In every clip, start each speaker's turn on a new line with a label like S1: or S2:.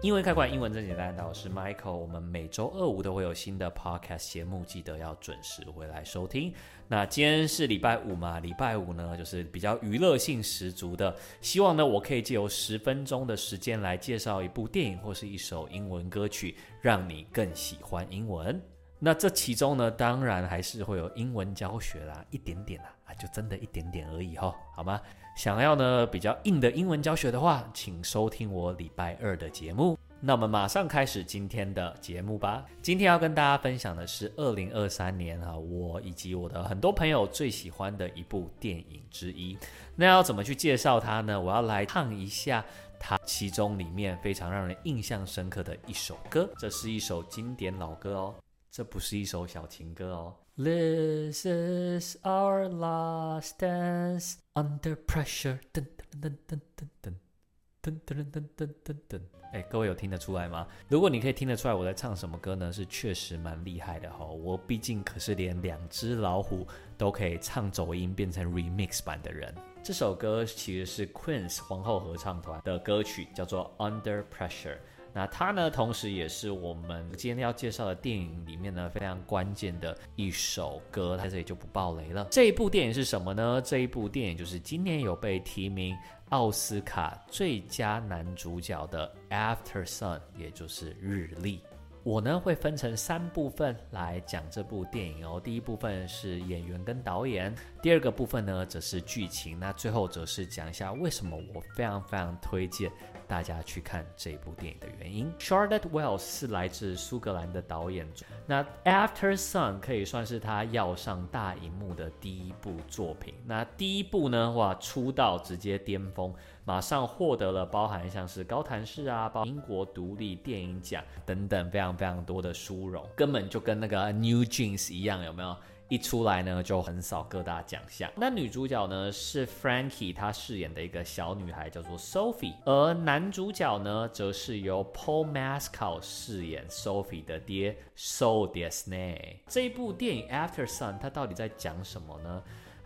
S1: 因為英文易開罐，英文真簡單，啊。大家好，我是 Michael，我們每週二五都會有新的 podcast 節目，記得要準時回來收聽。那今天是禮拜五嘛，禮拜五呢就是比較娛樂性十足的，希望呢我可以借由十分鐘的時間來介紹一部電影或是一首英文歌曲，讓你更喜歡英文。那這其中呢，當然還是會有英文教學啦，一點點啦。就真的一點點而已哈、哦，好嗎？想要呢比較硬的英文教學的話，請收聽我禮拜二的節目。那我們馬上開始今天的節目吧。今天要跟大家分享的是二零二三年啊，我以及我的很多朋友最喜歡的一部電影之一。那要怎麼去介紹它呢？我要來唱一下它其中裡面非常讓人印象深刻的一首歌，這是一首經典老歌哦。這不是一首小情歌哦。This is our last dance under pressure，噔噔噔噔噔噔噔噔噔噔噔噔噔噔。哎，各位有聽得出來嗎？如果你可以聽得出來，我在唱什麼歌呢？是確實蠻厲害的哈、哦。我畢竟可是連兩隻老虎都可以唱走音變成 remix 版的人。這首歌其實是 Queen 皇後合唱團的歌曲，叫做《Under Pressure》。那它呢，同時也是我們今天要介紹的電影裡面呢，非常關鍵的一首歌，它這裡就不爆雷了。這一部電影是什麼呢？這一部電影就是今年有被提名奧斯卡最佳男主角的《After Sun》，也就是《日麗》。我呢會分成三部分來講這部電影哦。第一部分是演員跟導演，第二個部分呢則是劇情，那最後則是講一下為什麼我非常非常推薦大家去看這部電影的原因。Charlotte Wells 是來自蘇格蘭的導演，那 After Sun 可以算是他要上大熒幕的第一部作品。那第一部呢，哇，出道直接巔峰。馬上獲得了包含像是高譚獎啊，包含英國獨立電影獎等等非常非常多的殊榮，根本就跟那個 New Jeans 一樣，有沒有？一出來呢就橫掃各大獎項。那女主角呢是 Frankie，她飾演的一個小女孩叫做 Sophie，而男主角呢則是由 Paul Mescal 飾演 Sophie 的爹 Soul Disney。這部電影 Aftersun 它到底在講什麼呢？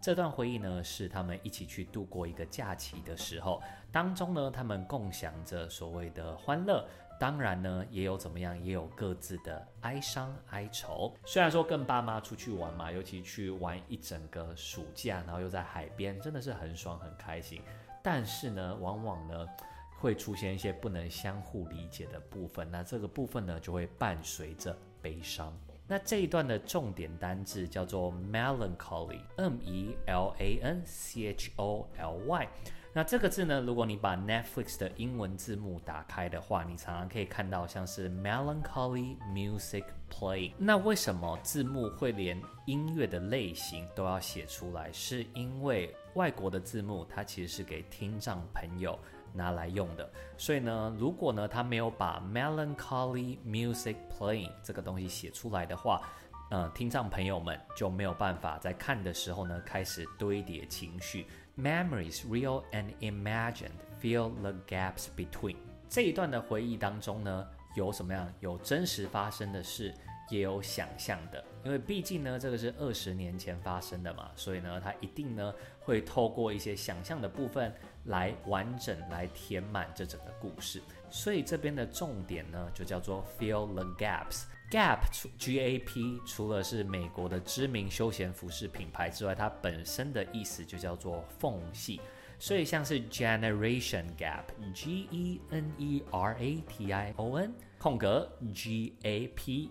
S1: 這段回憶呢，是他們一起去度過一個假期的時候，當中呢，他們共享着所謂的歡樂，當然呢，也有怎麼樣，也有各自的哀傷哀愁。雖然說跟爸媽出去玩嘛，尤其去玩一整個暑假，然後又在海邊，真的是很爽，很開心，但是呢，往往呢，會出現一些不能相互理解的部分，那這個部分呢，就會伴隨着悲傷。那這一段的重點單字叫做 melancholy，m e l a n c h o l y。那這個字呢，如果你把 Netflix 的英文字幕打開的話，你常常可以看到像是 melancholy music playing。那為什麼字幕會連音樂的類型都要寫出來？是因為外國的字幕它其實是給聽障朋友。拿來用的，所以呢，如果呢，他沒有把 melancholy music playing 這個東西寫出來的話，呃，聽障朋友們就沒有辦法在看的時候呢，開始堆疊情緒。Memories real and imagined fill the gaps between 這一段的回憶當中呢，有什麼樣有真實發生的事。也有想象的，因為畢竟呢，這個是二十年前發生的嘛，所以呢，它一定呢會透過一些想象的部分來完整來填滿這整個故事。所以這邊的重點呢，就叫做 fill the gaps Gap, Gap。Gap，G A P，除了是美國的知名休閒服飾品牌之外，它本身的意思就叫做縫隙。所以像是 generation gap，G E N E R A T I O N，空格 G A P。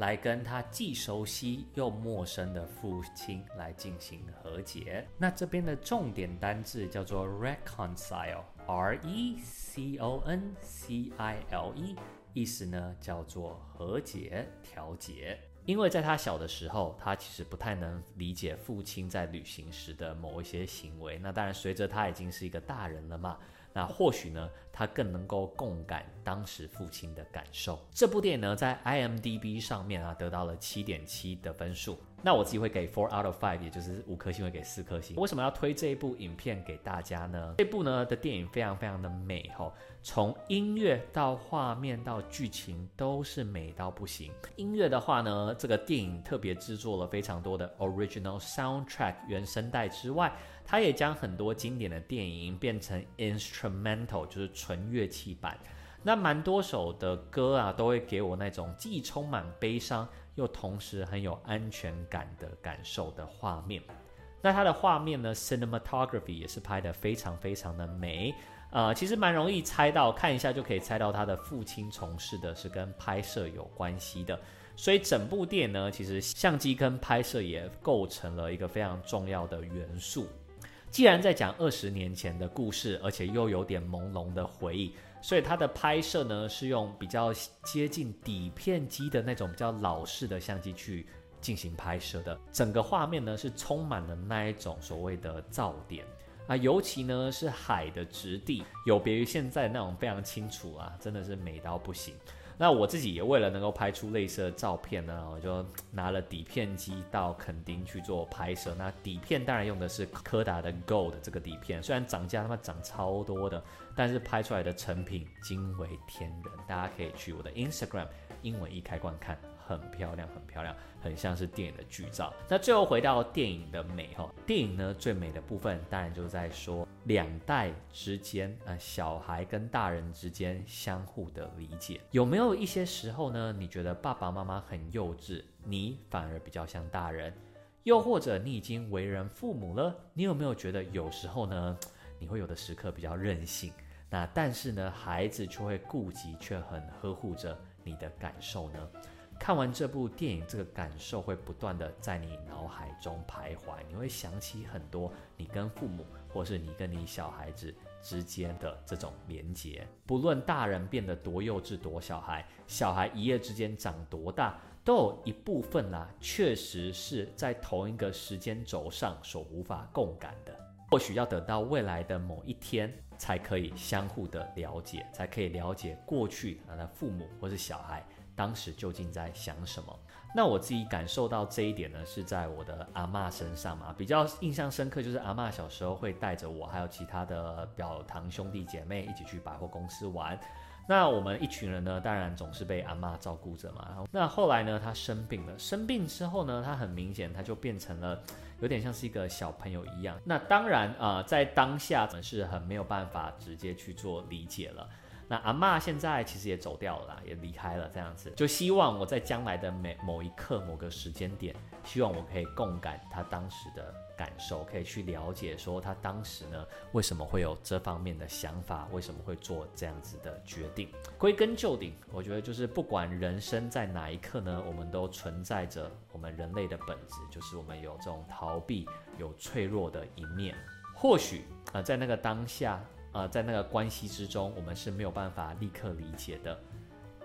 S1: 來跟他既熟悉又陌生的父親來進行和解。那這邊的重點單詞叫做 reconcile，R-E-C-O-N-C-I-L-E，、e e，意思呢叫做和解、調解。因為在他小的時候，他其實不太能理解父親在旅行時的某一些行為。那當然，隨着他已經是一個大人了嘛。那或許呢，他更能夠共感當時父親的感受。這部電影呢，在 IMDB 上面啊，得到了7.7的分數。那我自己會給 four out of five，也就是五顆星會給四顆星。為什麼要推這一部影片給大家呢？這部呢的電影非常非常的美哈，從音樂到畫面到劇情都是美到不行。音樂的話呢，這個電影特別制作了非常多的 original soundtrack 原聲帶之外，它也將很多經典的電影變成 instrumental，就是純樂器版。那蠻多首的歌啊，都會給我那種既充滿悲傷。又同時很有安全感的感受的畫面，那它的畫面呢，cinematography 也是拍得非常非常的美。呃，其實蠻容易猜到，看一下就可以猜到他的父親從事的是跟拍攝有關係的，所以整部電影呢，其實相機跟拍攝也構成了一個非常重要的元素。既然在講二十年前的故事，而且又有點朦朧的回憶。所以它的拍攝呢，是用比較接近底片機的那種比較老式的相機去進行拍攝的。整個畫面呢，是充滿了那一種所謂的噪點啊，尤其呢是海的質地，有別於現在那種非常清楚啊，真的是美到不行。那我自己也為了能夠拍出類似的照片呢，我就拿了底片機到墾丁去做拍攝。那底片當然用的是柯達的 Gold 這個底片，雖然漲價他媽漲超多的，但是拍出來的成品驚為天人。大家可以去我的 Instagram 英文易開罐看。很漂亮，很漂亮，很像是電影的劇照。那最後回到電影的美哈，電影呢最美的部分當然就在說兩代之間啊、呃，小孩跟大人之間相互的理解。有沒有一些時候呢？你覺得爸爸媽媽很幼稚，你反而比較像大人？又或者你已經為人父母了，你有沒有覺得有時候呢，你會有的時刻比較任性，那但是呢，孩子卻會顧及，卻很呵護着你的感受呢？看完這部電影，這個感受會不斷地在你腦海中徘徊。你會想起很多你跟父母，或是你跟你小孩子之間的這種連結。不論大人變得多幼稚，多小孩，小孩一夜之間長多大，都有一部分啦，確實是在同一個時間軸上所無法共感的。或許要等到未來的某一天，才可以相互的了解，才可以了解過去他的父母或是小孩。當時究竟在想什麼？那我自己感受到這一點呢，是在我的阿嬤身上嘛。比較印象深刻就是阿嬤小時候會帶着我，還有其他的表堂兄弟姐妹一起去百貨公司玩。那我們一群人呢，當然總是被阿嬤照顧着嘛。然後那後來呢，她生病了。生病之後呢，她很明顯，她就變成了有點像是一個小朋友一樣。那當然啊、呃，在當下我們是很沒有辦法直接去做理解了。那阿嬤現在其實也走掉了啦，也離開了，這樣子就希望我在將來的每某一刻、某個時間點，希望我可以共感他當時的感受，可以去了解說他當時呢為什麼會有這方面的想法，為什麼會做這樣子的決定。歸根究底，我覺得就是不管人生在哪一刻呢，我們都存在着我們人類的本質，就是我們有這種逃避、有脆弱的一面。或許啊，呃，在那個當下。呃，在那個關係之中，我們是沒有辦法立刻理解的。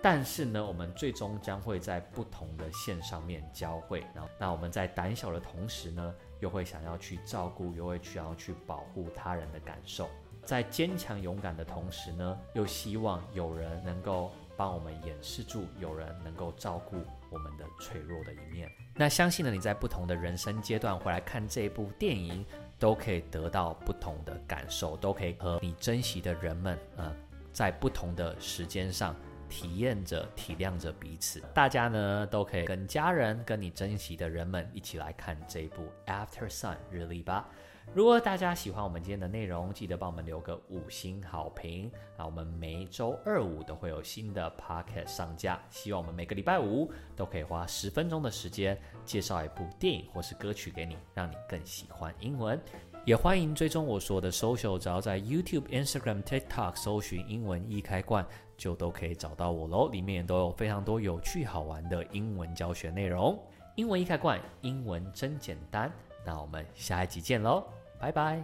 S1: 但是呢，我們最終將會在不同的線上面交匯，啊。那我們在膽小的同時呢，又會想要去照顧，又會想要去保護他人的感受。在堅強勇敢的同時呢，又希望有人能夠幫我們掩飾住，有人能夠照顧我們的脆弱的一面。 那相信呢，你在不同的人生階段回來看這部電影，都可以得到不同的感受，都可以和你珍惜的人們，呃，在不同的時間上體驗着、體諒着彼此。大家呢，都可以跟家人、跟你珍惜的人們一起來看這一部《After Sun》日麗吧。如果大家喜歡我們今天的內容，記得幫我們留個五星好評啊！那我們每周二五都會有新的 podcast 上架，希望我們每個禮拜五都可以花十分鐘的時間介紹一部電影或是歌曲給你，讓你更喜歡英文。也歡迎追蹤我所說的 social，只要在 YouTube、Instagram、TikTok 搜尋“英文一開罐”，就都可以找到我嘍。裡面都有非常多有趣好玩的英文教學內容。英文一開罐，英文真簡單。那我們下一集見嘍，拜拜。